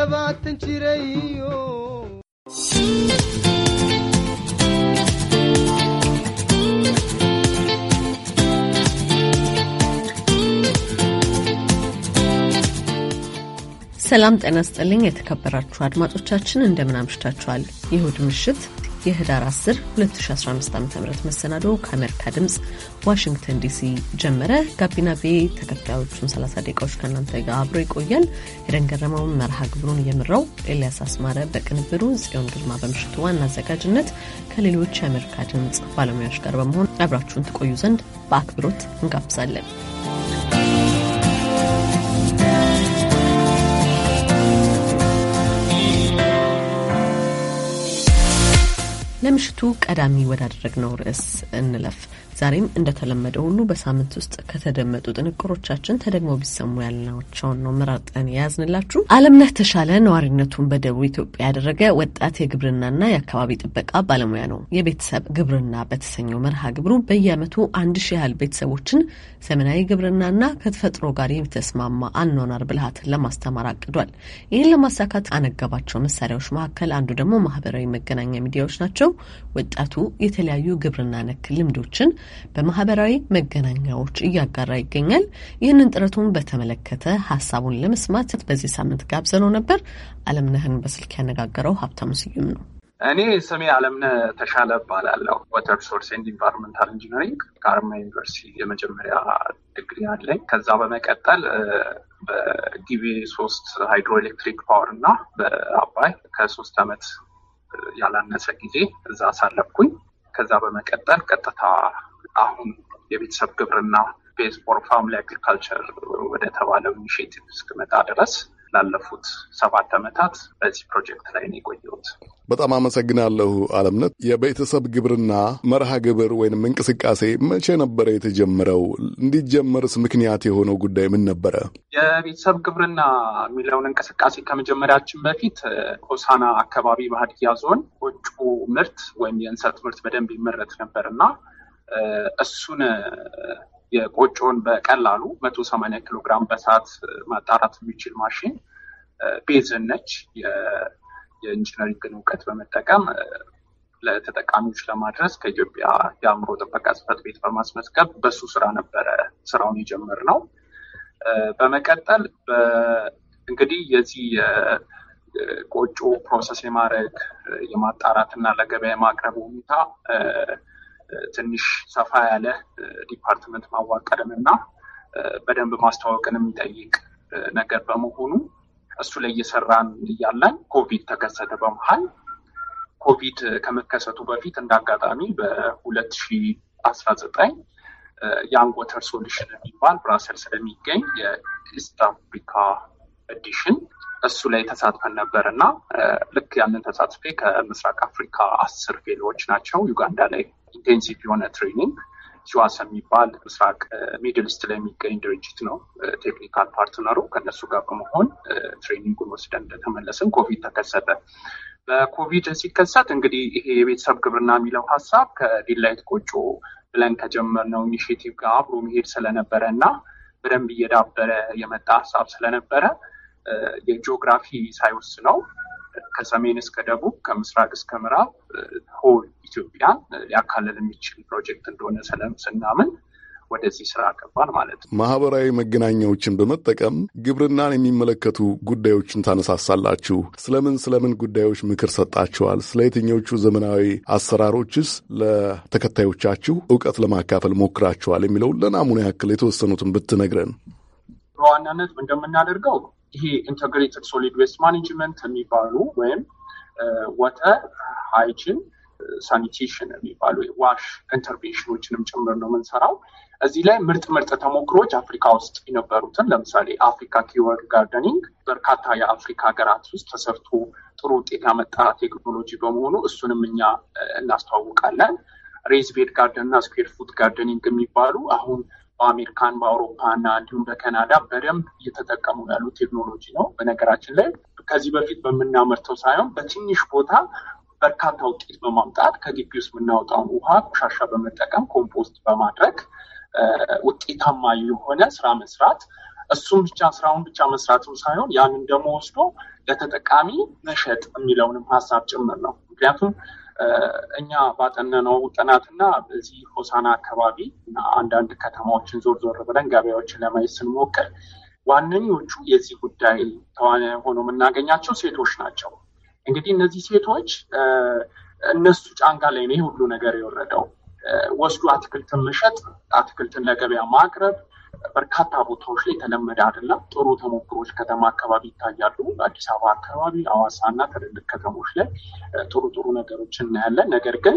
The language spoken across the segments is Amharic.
levaattenchireyo. ሰላም ጤና ስጥልኝ የተከበራችሁ አድማጮቻችን እንደምን አምሽታችኋል። ይሁድ ምሽት የህዳር 10 2015 ዓ ም መሰናዶ ከአሜሪካ ድምፅ ዋሽንግተን ዲሲ ጀመረ። ጋቢና ቤ ተከታዮቹን 30 ደቂቃዎች ከእናንተ ጋር አብሮ ይቆያል። ሄደን ገረመውን መርሃ ግብሩን የምረው ኤልያስ አስማረ በቅንብሩ፣ ጽዮን ግርማ በምሽቱ ዋና አዘጋጅነት ከሌሎች የአሜሪካ ድምፅ ባለሙያዎች ጋር በመሆን አብራችሁን ትቆዩ ዘንድ በአክብሮት እንጋብዛለን። ለምሽቱ ቀዳሚ ወዳደረግነው ርዕስ እንለፍ። ዛሬም እንደተለመደ ሁሉ በሳምንት ውስጥ ከተደመጡ ጥንቅሮቻችን ተደግሞ ቢሰሙ ያልናቸውን ነው መራርጠን የያዝንላችሁ። አለምነህ ተሻለ ነዋሪነቱን በደቡብ ኢትዮጵያ ያደረገ ወጣት የግብርናና የአካባቢ ጥበቃ ባለሙያ ነው። የቤተሰብ ግብርና በተሰኘው መርሃ ግብሩ በየአመቱ አንድ ሺህ ያህል ቤተሰቦችን ዘመናዊ ግብርናና ከተፈጥሮ ጋር የሚተስማማ አኗኗር ብልሃትን ለማስተማር አቅዷል። ይህን ለማሳካት አነገባቸው መሳሪያዎች መካከል አንዱ ደግሞ ማህበራዊ መገናኛ ሚዲያዎች ናቸው። ወጣቱ የተለያዩ ግብርና ነክ ልምዶችን በማህበራዊ መገናኛዎች እያጋራ ይገኛል። ይህንን ጥረቱን በተመለከተ ሀሳቡን ለመስማት በዚህ ሳምንት ጋብዘነው ነበር። አለምነህን በስልክ ያነጋገረው ሀብታሙ ስዩም ነው። እኔ ስሜ አለምነ ተሻለ እባላለሁ። ወተር ሶርስ ኤንድ ኢንቫይሮንመንታል ኢንጂነሪንግ ከአርማ ዩኒቨርሲቲ የመጀመሪያ ድግሪ አለኝ። ከዛ በመቀጠል በጊቤ ሶስት ሃይድሮኤሌክትሪክ ፓወር እና በአባይ ከሶስት ዓመት ያላነሰ ጊዜ እዛ አሳለፍኩኝ። ከዛ በመቀጠል ቀጥታ አሁን የቤተሰብ ግብርና ቤዝ ፎር አግሪካልቸር ወደ ተባለው ኢኒሽቲቭ እስክመጣ ድረስ ላለፉት ሰባት ዓመታት በዚህ ፕሮጀክት ላይ ነው የቆየሁት። በጣም አመሰግናለሁ አለምነት። የቤተሰብ ግብርና መርሃ ግብር ወይንም እንቅስቃሴ መቼ ነበረ የተጀመረው? እንዲጀመርስ ምክንያት የሆነው ጉዳይ ምን ነበረ? የቤተሰብ ግብርና የሚለውን እንቅስቃሴ ከመጀመሪያችን በፊት ሆሳና አካባቢ ባህድያ ዞን ውጩ ምርት ወይም የእንሰት ምርት በደንብ ይመረት ነበር እና እሱን የቆጮን በቀላሉ መቶ ሰማኒያ ኪሎ ግራም በሰዓት ማጣራት የሚችል ማሽን ቤዝን ነች የኢንጂነሪንግን እውቀት በመጠቀም ለተጠቃሚዎች ለማድረስ ከኢትዮጵያ የአእምሮ ጥበቃ ጽፈት ቤት በማስመዝገብ በሱ ስራ ነበረ ስራውን ነው። በመቀጠል እንግዲህ የዚህ ቆጮ ፕሮሰስ የማድረግ የማጣራት እና ለገበያ የማቅረብ ሁኔታ ትንሽ ሰፋ ያለ ዲፓርትመንት ማዋቀርን እና በደንብ ማስተዋወቅን የሚጠይቅ ነገር በመሆኑ እሱ ላይ እየሰራን እያለን ኮቪድ ተከሰተ። በመሀል ኮቪድ ከመከሰቱ በፊት እንደ አጋጣሚ በሁለት ሺ አስራ ዘጠኝ ያንግ ወተር ሶሉሽን የሚባል ብራሰል ስለሚገኝ የኢስት አፍሪካ ኤዲሽን እሱ ላይ ተሳትፈን ነበር እና ልክ ያንን ተሳትፌ ከምስራቅ አፍሪካ አስር ፌሎዎች ናቸው ዩጋንዳ ላይ ኢንቴንሲቭ የሆነ ትሬኒንግ ሲዋስ የሚባል ምስራቅ ሚድል ስት ላይ የሚገኝ ድርጅት ነው። ቴክኒካል ፓርትነሩ ከነሱ ጋር በመሆን ትሬኒንጉን ወስደን እንደተመለስን ኮቪድ ተከሰተ። በኮቪድ ሲከሰት እንግዲህ ይሄ የቤተሰብ ግብርና የሚለው ሀሳብ ከዲላይት ቆጮ ብለን ከጀመርነው ኢኒሽቲቭ ጋር አብሮ መሄድ ስለነበረ እና በደንብ እየዳበረ የመጣ ሀሳብ ስለነበረ የጂኦግራፊ ነው። ከሰሜን እስከ ደቡብ ከምስራቅ እስከ ምዕራብ ሆል ኢትዮጵያ ሊያካለል የሚችል ፕሮጀክት እንደሆነ ስናምን ወደዚህ ስራ ገባን ማለት ነው። ማህበራዊ መገናኛዎችን በመጠቀም ግብርናን የሚመለከቱ ጉዳዮችን ታነሳሳላችሁ። ስለምን ስለምን ጉዳዮች ምክር ሰጣችኋል? ስለ የትኞቹ ዘመናዊ አሰራሮችስ ለተከታዮቻችሁ እውቀት ለማካፈል ሞክራችኋል? የሚለውን ለናሙና ያክል የተወሰኑትን ብትነግረን። በዋናነት እንደምናደርገው ይሄ ኢንተግሬትድ ሶሊድ ዌስት ማኔጅመንት የሚባሉ ወይም ወተር ሃይጅን ሳኒቴሽን የሚባሉ ዋሽ ኢንተርቬንሽኖችንም ጭምር ነው የምንሰራው። እዚህ ላይ ምርጥ ምርጥ ተሞክሮች አፍሪካ ውስጥ የነበሩትን ለምሳሌ አፍሪካ ኪወርድ ጋርደኒንግ በርካታ የአፍሪካ ሀገራት ውስጥ ተሰርቶ ጥሩ ውጤት ያመጣ ቴክኖሎጂ በመሆኑ እሱንም እኛ እናስተዋውቃለን። ሬዝቤድ ጋርደን እና ስኩዌር ፉት ጋርደኒንግ የሚባሉ አሁን በአሜሪካን በአውሮፓና እንዲሁም በካናዳ በደንብ እየተጠቀሙ ያሉ ቴክኖሎጂ ነው። በነገራችን ላይ ከዚህ በፊት በምናመርተው ሳይሆን በትንሽ ቦታ በርካታ ውጤት በማምጣት ከግቢ ውስጥ የምናወጣውን ውሃ ቆሻሻ በመጠቀም ኮምፖስት በማድረግ ውጤታማ የሆነ ስራ መስራት እሱም ብቻ ስራውን ብቻ መስራትም ሳይሆን ያንን ደግሞ ወስዶ ለተጠቃሚ መሸጥ የሚለውንም ሀሳብ ጭምር ነው። ምክንያቱም እኛ ባጠነነው ጥናትና እዚህ ሆሳና አካባቢ አንዳንድ ከተማዎችን ዞር ዞር ብለን ገበያዎችን ለማየት ስንሞክር ዋነኞቹ የዚህ ጉዳይ ተዋናይ ሆኖ የምናገኛቸው ሴቶች ናቸው። እንግዲህ እነዚህ ሴቶች እነሱ ጫንጋ ላይ ነው ይህ ሁሉ ነገር የወረደው። ወስዱ አትክልትን መሸጥ፣ አትክልትን ለገበያ ማቅረብ በርካታ ቦታዎች ላይ የተለመደ አይደለም። ጥሩ ተሞክሮች ከተማ አካባቢ ይታያሉ። አዲስ አበባ አካባቢ፣ አዋሳ እና ትልልቅ ከተሞች ላይ ጥሩ ጥሩ ነገሮች እናያለን። ነገር ግን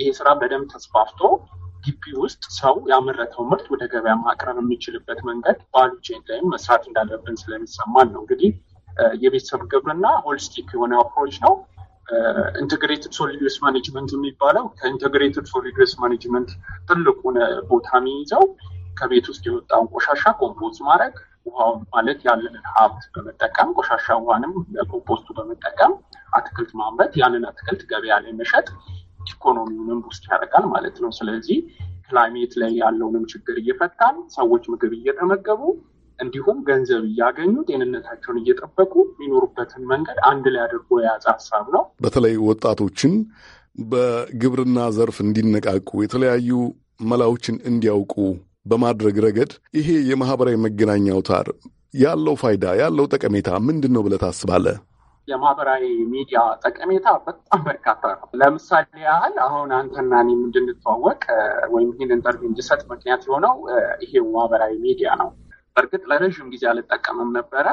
ይሄ ስራ በደንብ ተስፋፍቶ ግቢ ውስጥ ሰው ያመረተው ምርት ወደ ገበያ ማቅረብ የሚችልበት መንገድ ባሉ ቼን ላይም መስራት እንዳለብን ስለሚሰማን ነው። እንግዲህ የቤተሰብ ግብርና ሆልስቲክ የሆነ አፕሮች ነው። ኢንቴግሬትድ ሶሊድስ ማኔጅመንት የሚባለው ከኢንቴግሬትድ ሶሊድስ ማኔጅመንት ትልቁን ቦታ የሚይዘው ከቤት ውስጥ የወጣውን ቆሻሻ ኮምፖስት ማድረግ ውሃ ማለት ያለንን ሀብት በመጠቀም ቆሻሻ ውሃንም ኮምፖስቱ በመጠቀም አትክልት ማምረት፣ ያንን አትክልት ገበያ ላይ መሸጥ ኢኮኖሚውንም ውስጥ ያደርጋል ማለት ነው። ስለዚህ ክላይሜት ላይ ያለውንም ችግር እየፈታን ሰዎች ምግብ እየተመገቡ እንዲሁም ገንዘብ እያገኙ ጤንነታቸውን እየጠበቁ የሚኖሩበትን መንገድ አንድ ላይ አድርጎ የያዘ ሀሳብ ነው። በተለይ ወጣቶችን በግብርና ዘርፍ እንዲነቃቁ የተለያዩ መላዎችን እንዲያውቁ በማድረግ ረገድ ይሄ የማህበራዊ መገናኛ አውታር ያለው ፋይዳ ያለው ጠቀሜታ ምንድን ነው ብለህ ታስባለህ? የማህበራዊ ሚዲያ ጠቀሜታ በጣም በርካታ ነው። ለምሳሌ ያህል አሁን አንተና እኔም እንድንተዋወቅ ወይም ይህን ኢንተርቪው እንድሰጥ ምክንያት የሆነው ይሄ ማህበራዊ ሚዲያ ነው። በእርግጥ ለረዥም ጊዜ አልጠቀምም ነበረ።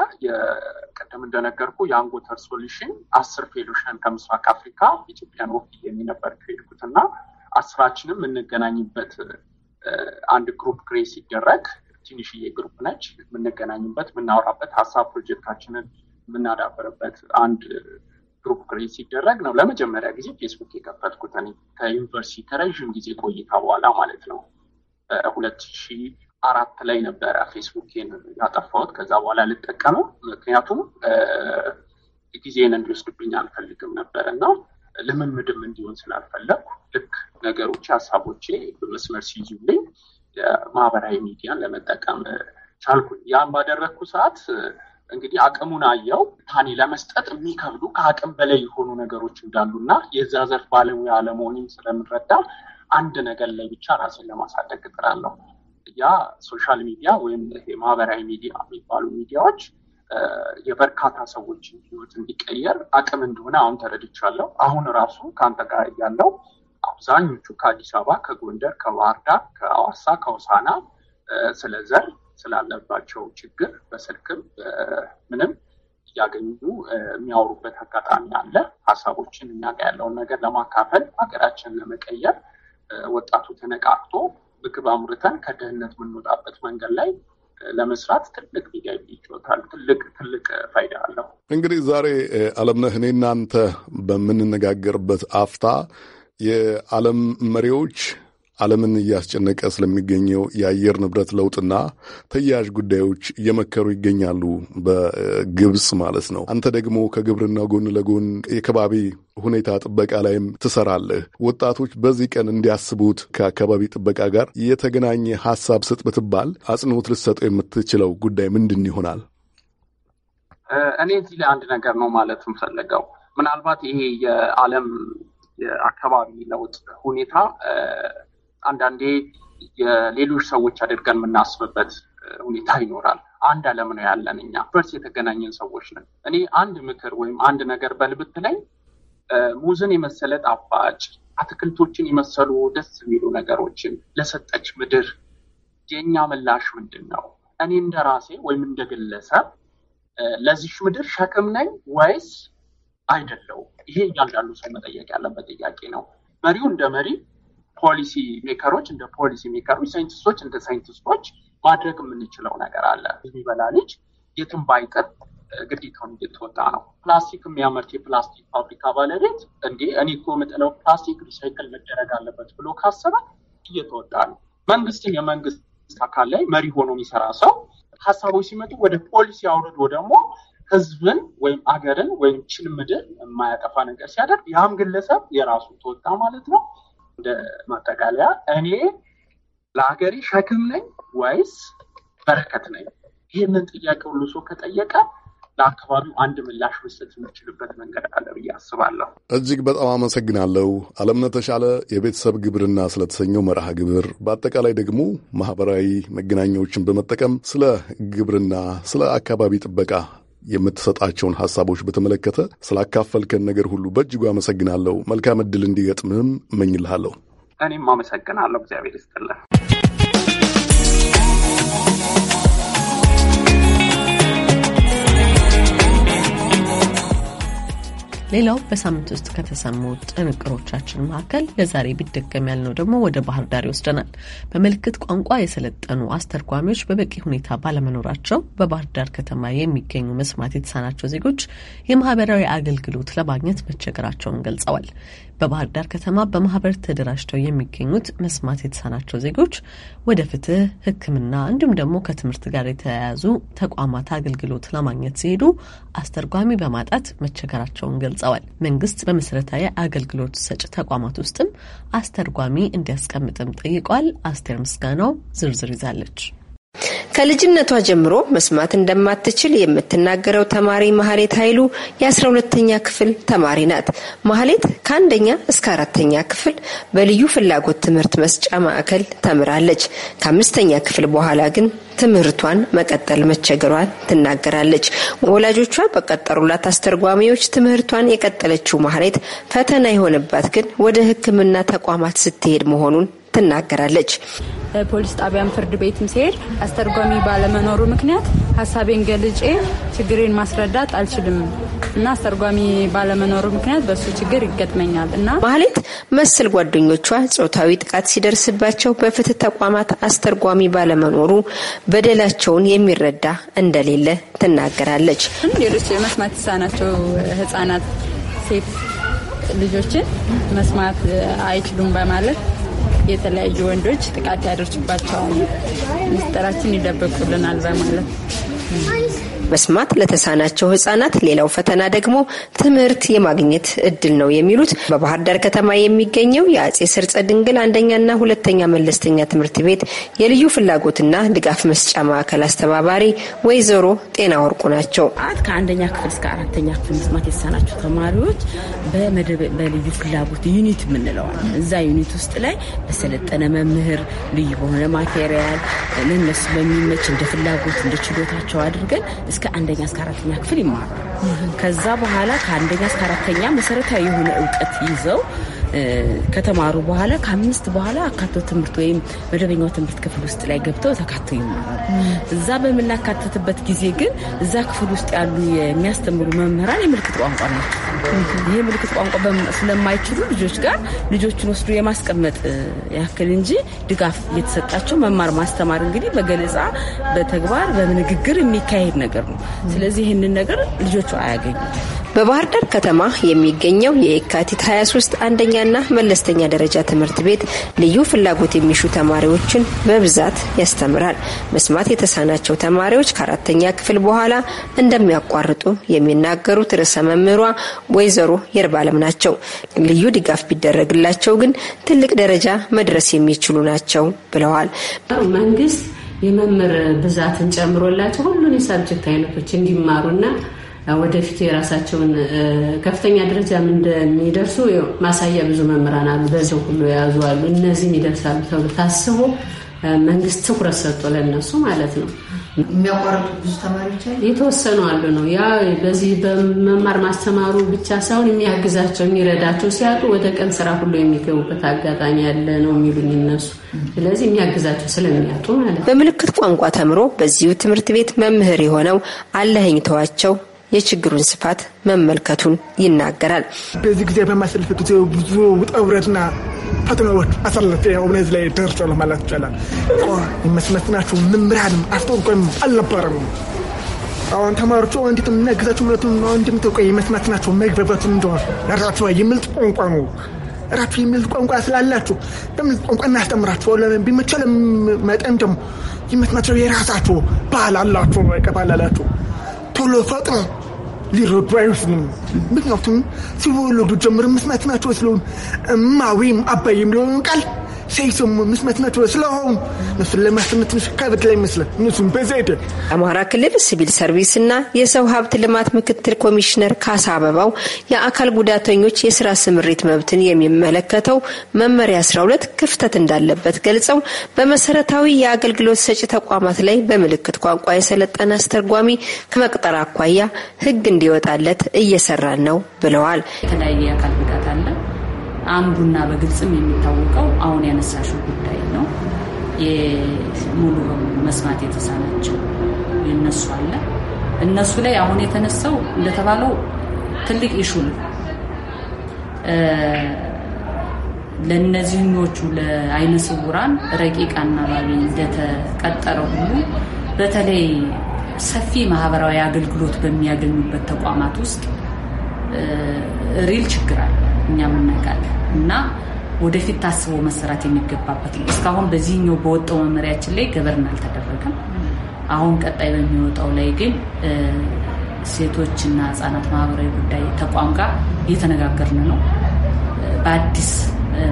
ቅድም እንደነገርኩ የአንጎተር ሶሉሽን አስር ፌሎሽን ከምስራቅ አፍሪካ ኢትዮጵያን ወክዬ የሚነበር ከሄድኩት እና አስራችንም የምንገናኝበት አንድ ግሩፕ ክሬ ሲደረግ ትንሽዬ ግሩፕ ነች። የምንገናኝበት፣ የምናወራበት፣ ሀሳብ ፕሮጀክታችንን የምናዳበርበት አንድ ግሩፕ ክሬ ሲደረግ ነው ለመጀመሪያ ጊዜ ፌስቡክ የከፈትኩት እኔ ከዩኒቨርሲቲ ከረዥም ጊዜ ቆይታ በኋላ ማለት ነው። ሁለት ሺ አራት ላይ ነበረ ፌስቡክን ያጠፋሁት። ከዛ በኋላ ልጠቀመው ምክንያቱም ጊዜን እንዲወስድብኝ አልፈልግም ነበር እና ልምምድም እንዲሆን ስላልፈለግኩ ልክ ነገሮች፣ ሀሳቦቼ በመስመር ሲይዙልኝ ማህበራዊ ሚዲያን ለመጠቀም ቻልኩኝ። ያን ባደረግኩ ሰዓት እንግዲህ አቅሙን አየው ታኔ ለመስጠት የሚከብዱ ከአቅም በላይ የሆኑ ነገሮች እንዳሉና የዛ ዘርፍ ባለሙያ አለመሆኔም ስለምረዳ አንድ ነገር ላይ ብቻ ራሴን ለማሳደግ እጥራለሁ። ያ ሶሻል ሚዲያ ወይም ማህበራዊ ሚዲያ የሚባሉ ሚዲያዎች የበርካታ ሰዎችን ህይወት እንዲቀየር አቅም እንደሆነ አሁን ተረድቻለሁ። አሁን ራሱ ከአንተ ጋር ያለው አብዛኞቹ ከአዲስ አበባ፣ ከጎንደር፣ ከባህር ከአዋሳ፣ ከውሳና ስለ ዘር ስላለባቸው ችግር በስልክም ምንም እያገኙ የሚያወሩበት አጋጣሚ አለ። ሀሳቦችን እኛ ጋር ያለውን ነገር ለማካፈል ሀገራችንን ለመቀየር ወጣቱ ተነቃቅቶ ምግብ አምርተን ከድህነት የምንወጣበት መንገድ ላይ ለመስራት ትልቅ ሚዲያ ይችሎታል። ትልቅ ትልቅ ፋይዳ አለው። እንግዲህ ዛሬ አለምነህ እኔ እናንተ በምንነጋገርበት አፍታ የዓለም መሪዎች ዓለምን እያስጨነቀ ስለሚገኘው የአየር ንብረት ለውጥና ተያያዥ ጉዳዮች እየመከሩ ይገኛሉ፣ በግብጽ ማለት ነው። አንተ ደግሞ ከግብርና ጎን ለጎን የከባቢ ሁኔታ ጥበቃ ላይም ትሰራለህ። ወጣቶች በዚህ ቀን እንዲያስቡት ከአካባቢ ጥበቃ ጋር የተገናኘ ሀሳብ ስጥ ብትባል አጽንኦት ልትሰጠው የምትችለው ጉዳይ ምንድን ይሆናል? እኔ እዚህ ላይ አንድ ነገር ነው ማለት የምፈለገው ምናልባት ይሄ የዓለም የአካባቢ ለውጥ ሁኔታ አንዳንዴ የሌሎች ሰዎች አድርገን የምናስብበት ሁኔታ ይኖራል። አንድ አለም ነው ያለን እኛ በርስ የተገናኘን ሰዎች ነን። እኔ አንድ ምክር ወይም አንድ ነገር በልብት ላይ ሙዝን የመሰለ ጣፋጭ አትክልቶችን የመሰሉ ደስ የሚሉ ነገሮችን ለሰጠች ምድር የእኛ ምላሽ ምንድን ነው? እኔ እንደ ራሴ ወይም እንደ ግለሰብ ለዚች ምድር ሸክም ነኝ ወይስ አይደለው? ይሄ እያንዳንዱ ሰው መጠየቅ ያለበት ጥያቄ ነው። መሪው እንደ መሪ ፖሊሲ ሜከሮች እንደ ፖሊሲ ሜከሮች፣ ሳይንቲስቶች እንደ ሳይንቲስቶች ማድረግ የምንችለው ነገር አለ። የሚበላ ልጅ የትም ባይቀር ግዴታውን እየተወጣ ነው። ፕላስቲክ የሚያመርት የፕላስቲክ ፋብሪካ ባለቤት እንዴ እኔ እኮ የምጥለው ፕላስቲክ ሪሳይክል መደረግ አለበት ብሎ ካሰበ እየተወጣ ነው። መንግስትም የመንግስት አካል ላይ መሪ ሆኖ የሚሰራ ሰው ሀሳቦች ሲመጡ ወደ ፖሊሲ አውርዶ ደግሞ ህዝብን ወይም አገርን ወይም ችልምድን የማያጠፋ ነገር ሲያደርግ ያም ግለሰብ የራሱ ተወጣ ማለት ነው። እንደ ማጠቃለያ እኔ ለሀገሬ ሸክም ነኝ ወይስ በረከት ነኝ? ይህንን ጥያቄ ሁሉ ሰው ከጠየቀ ለአካባቢው አንድ ምላሽ መስጠት የምችልበት መንገድ አለ ብዬ አስባለሁ። እጅግ በጣም አመሰግናለሁ። አለምነ ተሻለ የቤተሰብ ግብርና ስለተሰኘው መርሃ ግብር፣ በአጠቃላይ ደግሞ ማህበራዊ መገናኛዎችን በመጠቀም ስለ ግብርና፣ ስለ አካባቢ ጥበቃ የምትሰጣቸውን ሀሳቦች በተመለከተ ስላካፈልከን ነገር ሁሉ በእጅጉ አመሰግናለሁ። መልካም እድል እንዲገጥምህም እመኝልሃለሁ። እኔም አመሰግናለሁ። እግዚአብሔር ይስጥልን። ሌላው በሳምንት ውስጥ ከተሰሙ ጥንቅሮቻችን መካከል ለዛሬ ቢደገም ያልነው ደግሞ ወደ ባህር ዳር ይወስደናል። በምልክት ቋንቋ የሰለጠኑ አስተርጓሚዎች በበቂ ሁኔታ ባለመኖራቸው በባህር ዳር ከተማ የሚገኙ መስማት የተሳናቸው ዜጎች የማህበራዊ አገልግሎት ለማግኘት መቸገራቸውን ገልጸዋል። በባህር ዳር ከተማ በማህበር ተደራጅተው የሚገኙት መስማት የተሳናቸው ዜጎች ወደ ፍትህ፣ ሕክምና እንዲሁም ደግሞ ከትምህርት ጋር የተያያዙ ተቋማት አገልግሎት ለማግኘት ሲሄዱ አስተርጓሚ በማጣት መቸገራቸውን ገልጸዋል። መንግስት በመሰረታዊ አገልግሎት ሰጭ ተቋማት ውስጥም አስተርጓሚ እንዲያስቀምጥም ጠይቋል። አስቴር ምስጋናው ዝርዝር ይዛለች። ከልጅነቷ ጀምሮ መስማት እንደማትችል የምትናገረው ተማሪ ማህሌት ኃይሉ የአስራ ሁለተኛ ክፍል ተማሪ ናት። ማህሌት ከአንደኛ እስከ አራተኛ ክፍል በልዩ ፍላጎት ትምህርት መስጫ ማዕከል ተምራለች። ከአምስተኛ ክፍል በኋላ ግን ትምህርቷን መቀጠል መቸገሯን ትናገራለች። ወላጆቿ በቀጠሩላት አስተርጓሚዎች ትምህርቷን የቀጠለችው ማህሌት ፈተና የሆነባት ግን ወደ ሕክምና ተቋማት ስትሄድ መሆኑን ትናገራለች። ፖሊስ ጣቢያን፣ ፍርድ ቤትም ሲሄድ አስተርጓሚ ባለመኖሩ ምክንያት ሀሳቤን ገልጬ ችግሬን ማስረዳት አልችልም እና አስተርጓሚ ባለመኖሩ ምክንያት በሱ ችግር ይገጥመኛል እና ማህሌት መሰል ጓደኞቿ ጾታዊ ጥቃት ሲደርስባቸው በፍትህ ተቋማት አስተርጓሚ ባለመኖሩ በደላቸውን የሚረዳ እንደሌለ ትናገራለች። ሌሎች የመስማት የተሳናቸው ህጻናት ሴት ልጆችን መስማት አይችሉም በማለት የተለያዩ ወንዶች ጥቃት ያደርሱባቸዋል። ምስጢራችን ይደበቁልናል በማለት መስማት ለተሳናቸው ህጻናት ሌላው ፈተና ደግሞ ትምህርት የማግኘት እድል ነው የሚሉት በባህር ዳር ከተማ የሚገኘው የአጼ ስርጸ ድንግል አንደኛና ሁለተኛ መለስተኛ ትምህርት ቤት የልዩ ፍላጎትና ድጋፍ መስጫ ማዕከል አስተባባሪ ወይዘሮ ጤና ወርቁ ናቸው። አት ከአንደኛ ክፍል እስከ አራተኛ ክፍል መስማት የተሳናቸው ተማሪዎች በልዩ ፍላጎት ዩኒት የምንለዋል እዛ ዩኒት ውስጥ ላይ በሰለጠነ መምህር ልዩ በሆነ ማቴሪያል ለነሱ በሚመች እንደ ፍላጎት እንደ ችሎታቸው አድርገን እስከ አንደኛ እስከ አራተኛ ክፍል ይማራሉ። ከዛ በኋላ ከአንደኛ እስከ አራተኛ መሰረታዊ የሆነ እውቀት ይዘው ከተማሩ በኋላ ከአምስት በኋላ አካቶ ትምህርት ወይም መደበኛው ትምህርት ክፍል ውስጥ ላይ ገብተው ተካቶ ይማራሉ። እዛ በምናካተትበት ጊዜ ግን እዛ ክፍል ውስጥ ያሉ የሚያስተምሩ መምህራን የምልክት ቋንቋ ናቸው። ይህ ምልክት ቋንቋ ስለማይችሉ ልጆች ጋር ልጆችን ወስዶ የማስቀመጥ ያክል እንጂ ድጋፍ እየተሰጣቸው መማር ማስተማር እንግዲህ በገለጻ በተግባር በንግግር የሚካሄድ ነገር ነው። ስለዚህ ይህንን ነገር ልጆቹ አያገኙ በባህር ዳር ከተማ የሚገኘው የካቲት 23 አንደኛና መለስተኛ ደረጃ ትምህርት ቤት ልዩ ፍላጎት የሚሹ ተማሪዎችን በብዛት ያስተምራል። መስማት የተሳናቸው ተማሪዎች ከአራተኛ ክፍል በኋላ እንደሚያቋርጡ የሚናገሩት ርዕሰ መምህሯ ወይዘሮ የርባለም ናቸው። ልዩ ድጋፍ ቢደረግላቸው ግን ትልቅ ደረጃ መድረስ የሚችሉ ናቸው ብለዋል። መንግስት የመምህር ብዛትን ጨምሮላቸው ሁሉን የሳብጀክት አይነቶች እንዲማሩና ወደፊት የራሳቸውን ከፍተኛ ደረጃም እንደሚደርሱ ማሳያ ብዙ መምህራን አሉ፣ በዚያው ሁሉ የያዙ አሉ። እነዚህም ይደርሳሉ ተብሎ ታስቦ መንግስት ትኩረት ሰጥቶ ለነሱ ማለት ነው። የሚያቋረጡ ብዙ ተማሪዎች የተወሰኑ አሉ ነው። ያ በዚህ በመማር ማስተማሩ ብቻ ሳይሆን የሚያግዛቸው የሚረዳቸው ሲያጡ ወደ ቀን ስራ ሁሉ የሚገቡበት አጋጣሚ ያለ ነው የሚሉኝ እነሱ። ስለዚህ የሚያግዛቸው ስለሚያጡ ማለት ነው። በምልክት ቋንቋ ተምሮ በዚሁ ትምህርት ቤት መምህር የሆነው አለኸኝ ተዋቸው የችግሩን ስፋት መመልከቱን ይናገራል። በዚህ ጊዜ በማሳለፍ ጊዜ ብዙ ውጣ ውረድና ፈተናዎች አሳልፌ ኦብነዝ ላይ ደርሻለሁ ማለት ይቻላል። የመስመስናቸው መምህራንም አስተርጓሚም አልነበረም። አሁን ተማሪዎቹ እንዴት የምናግዛቸው ምለቱም እንደምታውቀ የመስመስናቸው መግባባቱ እንደሆነ ራሳቸው የምልጥ ቋንቋ ነው። ራሳቸው የምልጥ ቋንቋ ስላላችሁ በምልጥ ቋንቋ እናስተምራችሁ። ለምን ቢመቸል መጠን ደግሞ የመስማቸው የራሳቸው ባህል አላችሁ፣ በቃ ባህል ተለፈጠ ሊረዱ አይመስልም። ምክንያቱም ሲወለዱ ጀምር ምስማት ናቸው ስለሆን እማዊም አባይም ሊሆኑ ቃል ሳይሰሙ ምስመት ናቸው። ስለሆኑ እነሱን ለማስመት ትንሽ ካበት ላይ መስለ እነሱም በዘደ አማራ ክልል ሲቪል ሰርቪስና የሰው ሀብት ልማት ምክትል ኮሚሽነር ካሳ አበባው የአካል ጉዳተኞች የስራ ስምሪት መብትን የሚመለከተው መመሪያ 12 ክፍተት እንዳለበት ገልጸው በመሰረታዊ የአገልግሎት ሰጪ ተቋማት ላይ በምልክት ቋንቋ የሰለጠነ አስተርጓሚ ከመቅጠር አኳያ ህግ እንዲወጣለት እየሰራን ነው ብለዋል። የተለያየ አካል ጉዳት አለ አንዱና በግልጽም የሚታወቀው አሁን ያነሳሽው ጉዳይ ነው። ሙሉ በሙሉ መስማት የተሳናቸው እነሱ አለ። እነሱ ላይ አሁን የተነሳው እንደተባለው ትልቅ ኢሹ ነው። ለእነዚህኞቹ ለአይነ ስውራን ረቂቅ አናባቢ እንደተቀጠረ ሁሉ በተለይ ሰፊ ማህበራዊ አገልግሎት በሚያገኙበት ተቋማት ውስጥ ሪል ችግር አለ። እኛ ምናቃል እና ወደፊት ታስቦ መሰራት የሚገባበት ነው። እስካሁን በዚህኛው በወጣው መመሪያችን ላይ ገበርን አልተደረገም። አሁን ቀጣይ በሚወጣው ላይ ግን ሴቶችና ህጻናት ማህበራዊ ጉዳይ ተቋም ጋር እየተነጋገርን ነው። በአዲስ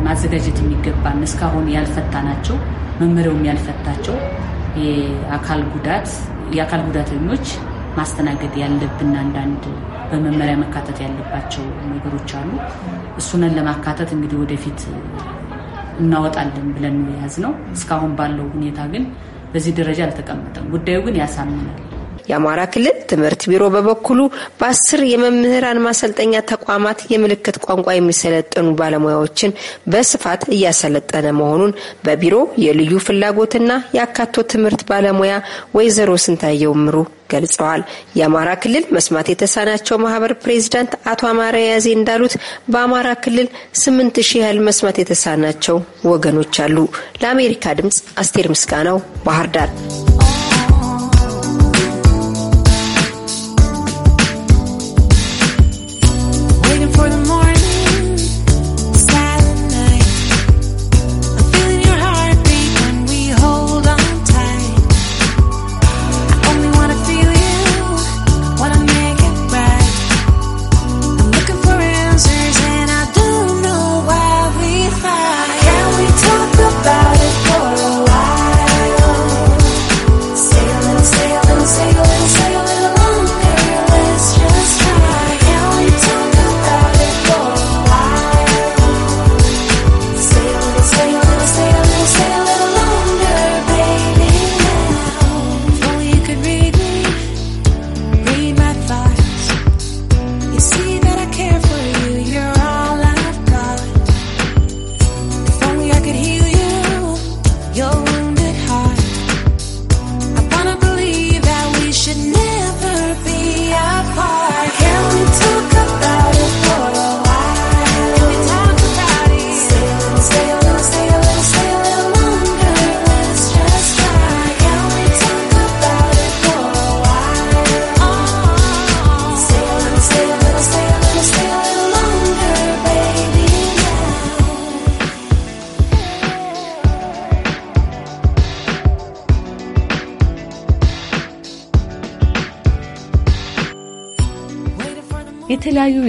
ማዘጋጀት የሚገባን እስካሁን ያልፈታናቸው መመሪያውም ያልፈታቸው የአካል ጉዳት የአካል ጉዳተኞች ማስተናገድ ያለብን አንዳንድ በመመሪያ መካተት ያለባቸው ነገሮች አሉ። እሱነን ለማካተት እንግዲህ ወደፊት እናወጣለን ብለን ነው የያዝነው። እስካሁን ባለው ሁኔታ ግን በዚህ ደረጃ አልተቀመጠም። ጉዳዩ ግን ያሳምናል። የአማራ ክልል ትምህርት ቢሮ በበኩሉ በአስር የመምህራን ማሰልጠኛ ተቋማት የምልክት ቋንቋ የሚሰለጠኑ ባለሙያዎችን በስፋት እያሰለጠነ መሆኑን በቢሮ የልዩ ፍላጎትና የአካቶ ትምህርት ባለሙያ ወይዘሮ ስንታየው ምሩ ገልጸዋል። የአማራ ክልል መስማት የተሳናቸው ማህበር ፕሬዚዳንት አቶ አማረ ያዜ እንዳሉት በአማራ ክልል ስምንት ሺህ ያህል መስማት የተሳናቸው ወገኖች አሉ። ለአሜሪካ ድምጽ አስቴር ምስጋናው ባህር ዳር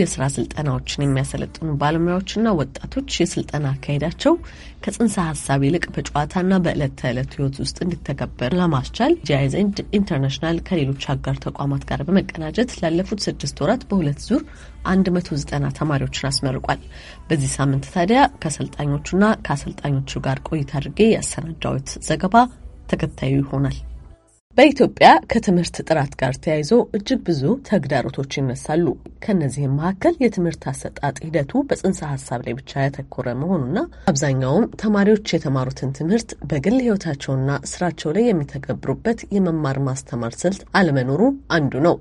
የስራ ስልጠናዎችን የሚያሰለጥኑ ባለሙያዎችና ወጣቶች የስልጠና አካሄዳቸው ከጽንሰ ሀሳብ ይልቅ በጨዋታና በዕለት ተዕለት ህይወት ውስጥ እንዲተገበር ለማስቻል ጂይዘንድ ኢንተርናሽናል ከሌሎች አጋር ተቋማት ጋር በመቀናጀት ላለፉት ስድስት ወራት በሁለት ዙር 190 ተማሪዎችን አስመርቋል። በዚህ ሳምንት ታዲያ ከአሰልጣኞቹና ከአሰልጣኞቹ ጋር ቆይታ አድርጌ ያሰናዳሁት ዘገባ ተከታዩ ይሆናል። በኢትዮጵያ ከትምህርት ጥራት ጋር ተያይዞ እጅግ ብዙ ተግዳሮቶች ይነሳሉ። ከእነዚህም መካከል የትምህርት አሰጣጥ ሂደቱ በጽንሰ ሀሳብ ላይ ብቻ ያተኮረ መሆኑና አብዛኛውም ተማሪዎች የተማሩትን ትምህርት በግል ሕይወታቸውና ስራቸው ላይ የሚተገብሩበት የመማር ማስተማር ስልት አለመኖሩ አንዱ ነው።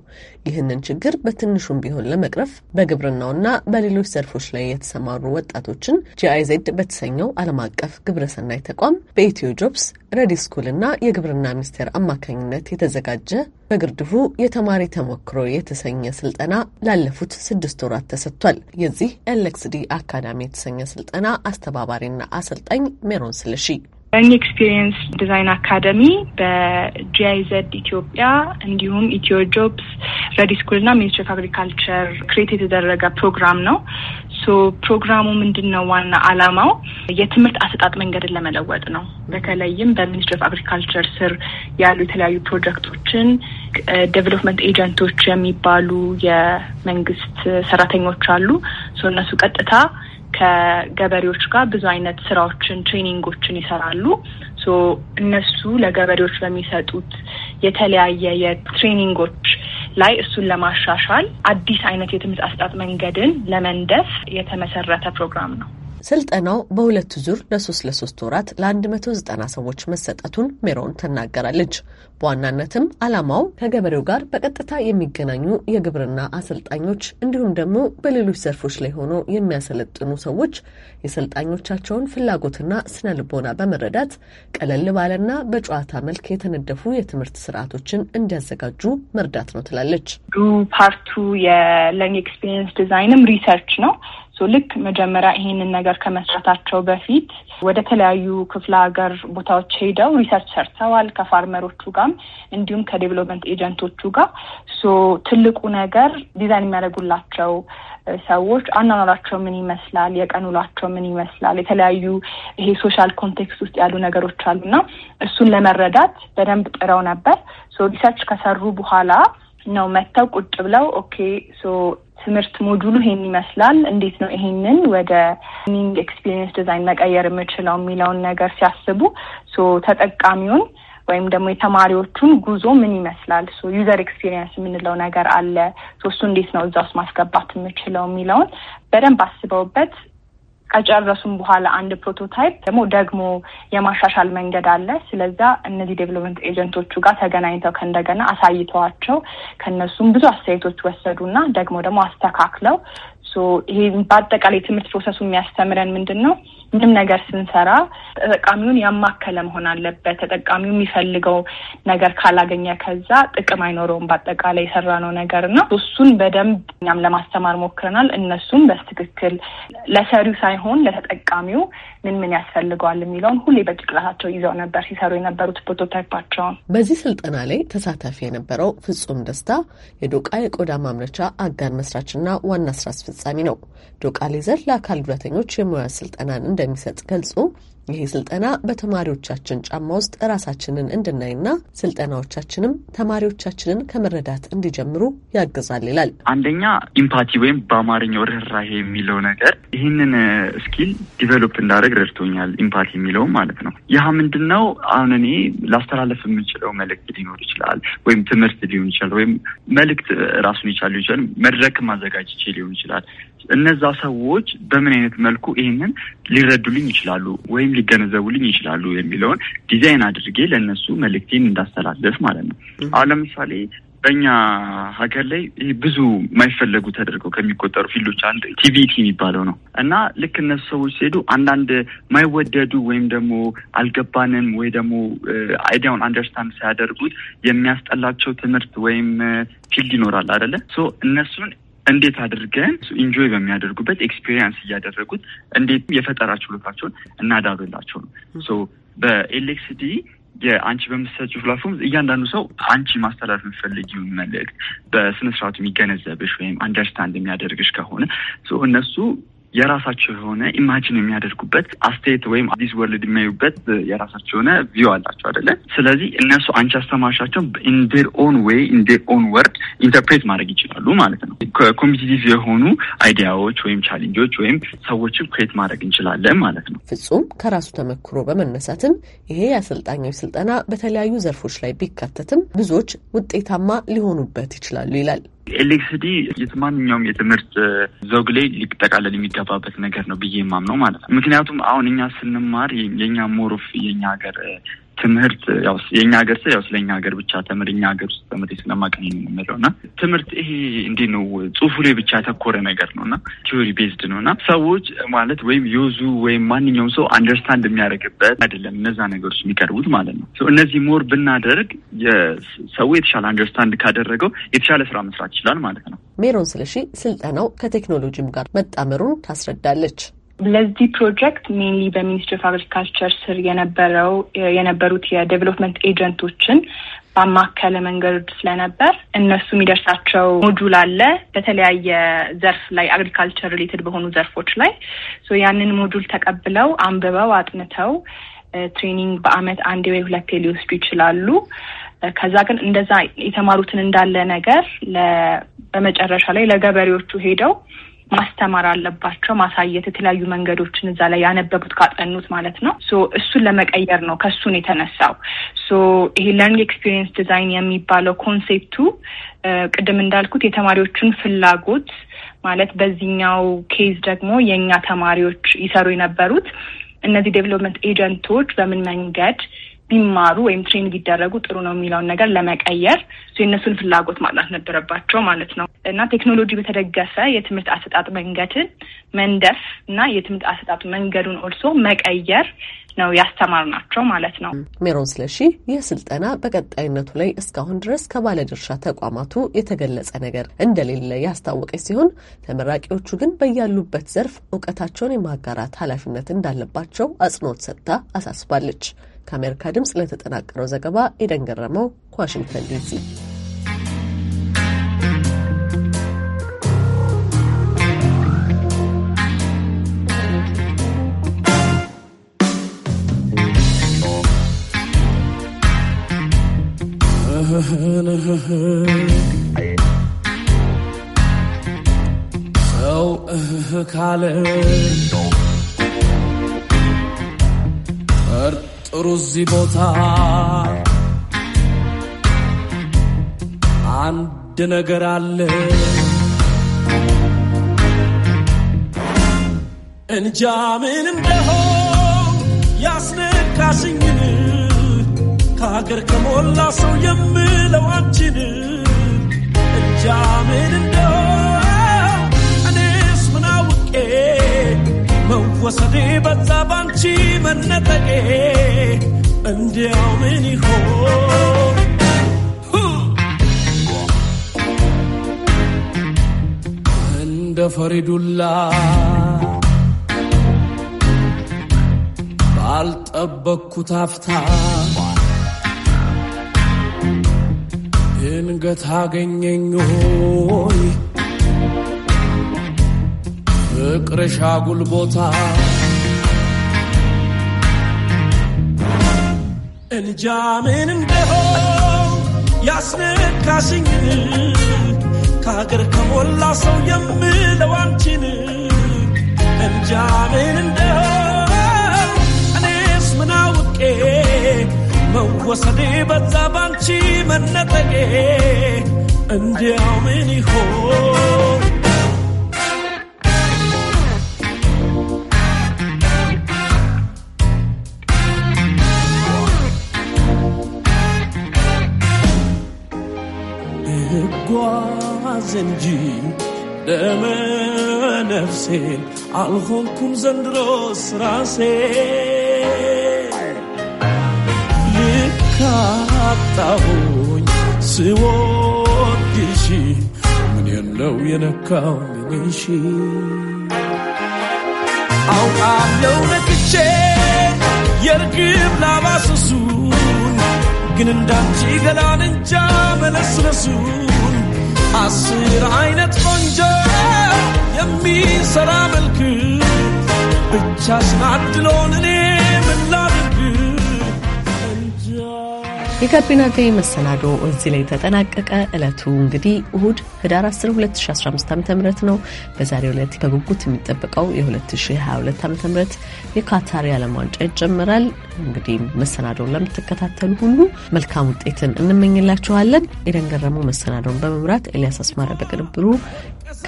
ይህንን ችግር በትንሹም ቢሆን ለመቅረፍ በግብርናውና በሌሎች ዘርፎች ላይ የተሰማሩ ወጣቶችን ጂአይዜድ በተሰኘው ዓለም አቀፍ ግብረሰናይ ተቋም በኢትዮ ጆብስ፣ ረዲ ስኩል እና የግብርና ሚኒስቴር አማካኝ አጋርነት የተዘጋጀ በግርድፉ የተማሪ ተሞክሮ የተሰኘ ስልጠና ላለፉት ስድስት ወራት ተሰጥቷል። የዚህ ኤልኤክስዲ አካዳሚ የተሰኘ ስልጠና አስተባባሪና አሰልጣኝ ሜሮን ስለሺ ለርኒንግ ኤክስፒሪየንስ ዲዛይን አካደሚ በጂአይዘድ ኢትዮጵያ እንዲሁም ኢትዮ ጆብስ፣ ረዲ ስኩል እና ሚኒስትሪ ኦፍ አግሪካልቸር ክሬት የተደረገ ፕሮግራም ነው። ፕሮግራሙ ምንድን ነው? ዋና አላማው የትምህርት አሰጣጥ መንገድን ለመለወጥ ነው። በተለይም በሚኒስትሪ ኦፍ አግሪካልቸር ስር ያሉ የተለያዩ ፕሮጀክቶችን ዴቨሎፕመንት ኤጀንቶች የሚባሉ የመንግስት ሰራተኞች አሉ። እነሱ ቀጥታ ከገበሬዎች ጋር ብዙ አይነት ስራዎችን፣ ትሬኒንጎችን ይሰራሉ። እነሱ ለገበሬዎች በሚሰጡት የተለያየ የትሬኒንጎች ላይ እሱን ለማሻሻል አዲስ አይነት የትምህርት አሰጣጥ መንገድን ለመንደፍ የተመሰረተ ፕሮግራም ነው። ስልጠናው በሁለቱ ዙር ለሶስት ለሶስት ወራት ለ190 ሰዎች መሰጠቱን ሜሮን ትናገራለች። በዋናነትም ዓላማው ከገበሬው ጋር በቀጥታ የሚገናኙ የግብርና አሰልጣኞች እንዲሁም ደግሞ በሌሎች ዘርፎች ላይ ሆኖ የሚያሰለጥኑ ሰዎች የሰልጣኞቻቸውን ፍላጎትና ስነ ልቦና በመረዳት ቀለል ባለና በጨዋታ መልክ የተነደፉ የትምህርት ስርዓቶችን እንዲያዘጋጁ መርዳት ነው ትላለች። ፓርቱ የለርኒንግ ኤክስፒሪየንስ ዲዛይንም ሪሰርች ነው ልክ መጀመሪያ ይሄንን ነገር ከመስራታቸው በፊት ወደ ተለያዩ ክፍለ ሀገር ቦታዎች ሄደው ሪሰርች ሰርተዋል ከፋርመሮቹ ጋር እንዲሁም ከዴቨሎፕመንት ኤጀንቶቹ ጋር ሶ ትልቁ ነገር ዲዛይን የሚያደርጉላቸው ሰዎች አኗኗራቸው ምን ይመስላል፣ የቀን ውሏቸው ምን ይመስላል፣ የተለያዩ ይሄ ሶሻል ኮንቴክስት ውስጥ ያሉ ነገሮች አሉና እሱን ለመረዳት በደንብ ጥረው ነበር። ሶ ሪሰርች ከሰሩ በኋላ ነው መጥተው ቁጭ ብለው ኦኬ ሶ ትምህርት ሞጁሉ ይሄን ይመስላል። እንዴት ነው ይሄንን ወደ ኒንግ ኤክስፒሪየንስ ዲዛይን መቀየር የምችለው የሚለውን ነገር ሲያስቡ ሶ ተጠቃሚውን ወይም ደግሞ የተማሪዎቹን ጉዞ ምን ይመስላል፣ ዩዘር ኤክስፒሪየንስ የምንለው ነገር አለ፣ እሱ እንዴት ነው እዛ ውስጥ ማስገባት የምችለው የሚለውን በደንብ አስበውበት ከጨረሱም በኋላ አንድ ፕሮቶታይፕ ደግሞ ደግሞ የማሻሻል መንገድ አለ። ስለዛ እነዚህ ዴቨሎፕመንት ኤጀንቶቹ ጋር ተገናኝተው ከእንደገና አሳይተዋቸው ከነሱም ብዙ አስተያየቶች ወሰዱና ደግሞ ደግሞ አስተካክለው ይሄ በአጠቃላይ ትምህርት ፕሮሰሱ የሚያስተምረን ምንድን ነው? ምንም ነገር ስንሰራ ተጠቃሚውን ያማከለ መሆን አለበት። ተጠቃሚው የሚፈልገው ነገር ካላገኘ ከዛ ጥቅም አይኖረውም በአጠቃላይ የሰራነው ነገር እና እሱን በደንብ እኛም ለማስተማር ሞክረናል። እነሱም በትክክል ለሰሪው ሳይሆን ለተጠቃሚው ምን ምን ያስፈልገዋል የሚለውን ሁሌ በጭቅላታቸው ይዘው ነበር ሲሰሩ የነበሩት ፕሮቶታይፓቸውን። በዚህ ስልጠና ላይ ተሳታፊ የነበረው ፍጹም ደስታ የዶቃ የቆዳ ማምረቻ አጋር መስራችና ዋና ስራ አስፈጻሚ ነው። ዶቃ ሌዘር ለአካል ጉዳተኞች የሙያ ስልጠናን እንደ እንደሚሰጥ ገልጾ ይሄ ስልጠና በተማሪዎቻችን ጫማ ውስጥ ራሳችንን እንድናይና ስልጠናዎቻችንም ተማሪዎቻችንን ከመረዳት እንዲጀምሩ ያግዛል ይላል። አንደኛ ኢምፓቲ ወይም በአማርኛው ርኅራሄ የሚለው ነገር ይህንን ስኪል ዲቨሎፕ እንዳደረግ ረድቶኛል። ኢምፓቲ የሚለውም ማለት ነው። ይህ ምንድን ነው? አሁን እኔ ላስተላለፍ የምንችለው መልእክት ሊኖር ይችላል፣ ወይም ትምህርት ሊሆን ይችላል፣ ወይም መልእክት ራሱን ይቻል ሊሆን ይችላል፣ መድረክ ማዘጋጅቼ ሊሆን ይችላል። እነዛ ሰዎች በምን አይነት መልኩ ይህንን ሊረዱልኝ ይችላሉ ወይም ሊገነዘቡልኝ ይችላሉ የሚለውን ዲዛይን አድርጌ ለእነሱ መልእክቴን እንዳስተላለፍ ማለት ነው። አሁን ለምሳሌ በእኛ ሀገር ላይ ብዙ የማይፈለጉ ተደርገው ከሚቆጠሩ ፊልዶች አንድ ቲቪቲ የሚባለው ነው እና ልክ እነሱ ሰዎች ሲሄዱ አንዳንድ የማይወደዱ ወይም ደግሞ አልገባንም ወይ ደግሞ አይዲያውን አንደርስታንድ ሳያደርጉት የሚያስጠላቸው ትምህርት ወይም ፊልድ ይኖራል አደለ? እነሱን እንዴት አድርገን ኢንጆይ በሚያደርጉበት ኤክስፒሪየንስ እያደረጉት እንዴት የፈጠራ ችሎታቸውን እናዳብላቸው ነው። በኤሌክሲዲ የአንቺ በምትሰጪው ፕላትፎርም እያንዳንዱ ሰው አንቺ ማስተላለፍ የምትፈልጊውን መልእክት በስነስርዓቱ የሚገነዘብሽ ወይም አንደርስታንድ የሚያደርግሽ ከሆነ እነሱ የራሳቸው የሆነ ኢማጂን የሚያደርጉበት አስተያየት ወይም አዲስ ወርልድ የሚያዩበት የራሳቸው የሆነ ቪው አላቸው አይደለ? ስለዚህ እነሱ አንቺ አስተማርሻቸውን በኢንዴር ኦን ወይ ኢንዴር ኦን ወርድ ኢንተርፕሬት ማድረግ ይችላሉ ማለት ነው። ኮምፒቲቲቭ የሆኑ አይዲያዎች ወይም ቻሌንጆች ወይም ሰዎችን ክሬት ማድረግ እንችላለን ማለት ነው። ፍጹም ከራሱ ተመክሮ በመነሳትም ይሄ የአሰልጣኛዊ ስልጠና በተለያዩ ዘርፎች ላይ ቢካተትም ብዙዎች ውጤታማ ሊሆኑበት ይችላሉ ይላል። ኤሌክስዲ የማንኛውም የትምህርት ዘውግ ላይ ሊጠቃለል የሚገባበት ነገር ነው ብዬ የማምነው ማለት ነው። ምክንያቱም አሁን እኛ ስንማር የእኛ ሞሮፍ የኛ ሀገር ትምህርት ያው የእኛ ሀገር ስ ያው ስለኛ ሀገር ብቻ ተምር እኛ ሀገር ውስጥ ተምር ስለማቀኝ የምንለው እና ትምህርት ይሄ እንዲህ ነው ጽሁፉ ላይ ብቻ ያተኮረ ነገር ነው እና ቲዮሪ ቤዝድ ነው እና ሰዎች ማለት ወይም የዙ ወይም ማንኛውም ሰው አንደርስታንድ የሚያደርግበት አይደለም እነዛ ነገሮች የሚቀርቡት ማለት ነው። እነዚህ ሞር ብናደርግ ሰው የተሻለ አንደርስታንድ ካደረገው የተሻለ ስራ መስራት ይችላል ማለት ነው። ሜሮን ስለሺ ስልጠናው ከቴክኖሎጂም ጋር መጣመሩን ታስረዳለች። ለዚህ ፕሮጀክት ሜንሊ በሚኒስትሪ ኦፍ አግሪካልቸር ስር የነበረው የነበሩት የዴቨሎፕመንት ኤጀንቶችን ባማከለ መንገድ ስለነበር እነሱ የሚደርሳቸው ሞጁል አለ በተለያየ ዘርፍ ላይ አግሪካልቸር ሪሌትድ በሆኑ ዘርፎች ላይ ያንን ሞጁል ተቀብለው አንብበው አጥንተው ትሬኒንግ በአመት አንድ ወይ ሁለቴ ሊወስዱ ይችላሉ። ከዛ ግን እንደዛ የተማሩትን እንዳለ ነገር በመጨረሻ ላይ ለገበሬዎቹ ሄደው ማስተማር አለባቸው፣ ማሳየት የተለያዩ መንገዶችን እዛ ላይ ያነበቡት ካጠኑት ማለት ነው። ሶ እሱን ለመቀየር ነው ከእሱን የተነሳው። ሶ ይሄ ለርኒንግ ኤክስፒሪየንስ ዲዛይን የሚባለው ኮንሴፕቱ ቅድም እንዳልኩት የተማሪዎችን ፍላጎት ማለት በዚህኛው ኬዝ ደግሞ የእኛ ተማሪዎች ይሰሩ የነበሩት እነዚህ ዴቨሎፕመንት ኤጀንቶች በምን መንገድ ቢማሩ ወይም ትሬን ቢደረጉ ጥሩ ነው የሚለውን ነገር ለመቀየር የእነሱን ፍላጎት ማጥናት ነበረባቸው ማለት ነው እና ቴክኖሎጂ በተደገፈ የትምህርት አሰጣጥ መንገድን መንደፍ እና የትምህርት አሰጣጥ መንገዱን ኦልሶ መቀየር ነው ናቸው ማለት ነው። ሜሮን ስለሺ ይህ ስልጠና በቀጣይነቱ ላይ እስካሁን ድረስ ከባለድርሻ ተቋማቱ የተገለጸ ነገር እንደሌለ ያስታወቀች ሲሆን ተመራቂዎቹ ግን በያሉበት ዘርፍ እውቀታቸውን የማጋራት ኃላፊነት እንዳለባቸው አጽንኦት ሰጥታ አሳስባለች። ከአሜሪካ ድምፅ ለተጠናቀረው ዘገባ ኤደን ገረመው ከዋሽንግተን ዲሲ። ሰው ካለ ጥሩ እዚህ ቦታ አንድ ነገር አለ እንጃ ምን እንደሆን ያስነካሽኝን ከሀገር ከሞላ ሰው የምለዋችን እንጃ ምን ወሰኔ በዛ ባንቺ መነጠቄ እንዲያው ምን ይሆን እንደ ፈሪዱላ ባልጠበቅኩት አፍታ ድንገት አገኘኝ ሆይ ፍቅርሻ ጉልቦታ እንጃ ምን እንደሆን ያስነካሽኝ ከሀገር ከሞላ ሰው የምለው አንቺን እንጃ ምን እንደሆን እኔስ ምናውቄ መወሰዴ በዛ ባንቺ መነጠቄ እንዲያው ምን ይሆን ልጓዝ እንጂ ደመነፍሴን አልሆንኩም ዘንድሮስ ራሴ ልካጣሁኝ ስወድሽ ምን የለው የነካው ምንሽ አውቃለው ነትቼ የርግብ ላባስሱን ግን እንዳንቺ ገላን እንጃ መለስለሱን አስር አይነት ቆንጆ የሚሰራ መልክ ብቻ ስናድሎን እኔ የጋቢና መሰናዶ እዚህ ላይ ተጠናቀቀ። እለቱ እንግዲህ እሁድ ህዳር 10 2015 ዓ ም ነው። በዛሬው ዕለት በጉጉት የሚጠበቀው የ2022 ዓ ም የካታር የዓለም ዋንጫ ይጀምራል። እንግዲህ መሰናዶን ለምትከታተሉ ሁሉ መልካም ውጤትን እንመኝላችኋለን። ኤደን ገረሙ በመምራት ኤልያስ አስማረ በቅንብሩ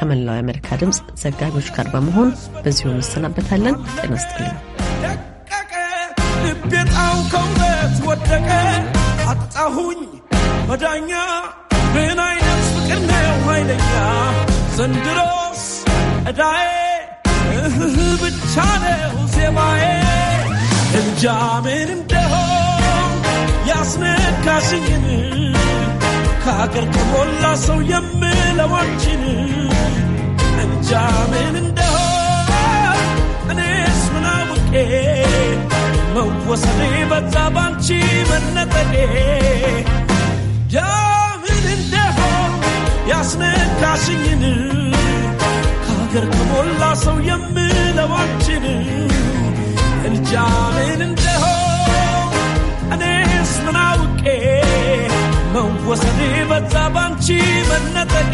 ከመላው የአሜሪካ ድምፅ ዘጋቢዎች ጋር በመሆን በዚሁ እንሰናበታለን። ጤና ይስጥልኝ። አጣሁኝ መዳኛ ምን አይነት ፍቅር ነው ኃይለኛ ዘንድሮስ እዳዬ እህህ ብቻ ነው ዜማዬ እንጃ ምን እንደሆን ያስነካሽኝን ከሀገር ከሞላ ሰው የምለዋችን እንጃ ምን እንደሆን እኔስ ምናውቄ መወሰዴ በዛ ባንቺ መነጠዴ ደምን እንደሆን ያስነካሽኝን ከሀገር ከሞላ ሰው የምለው እንጃምን እንደሆን እኔስ ምናውቄ መወሰዴ በዛ ባንቺ መነጠዴ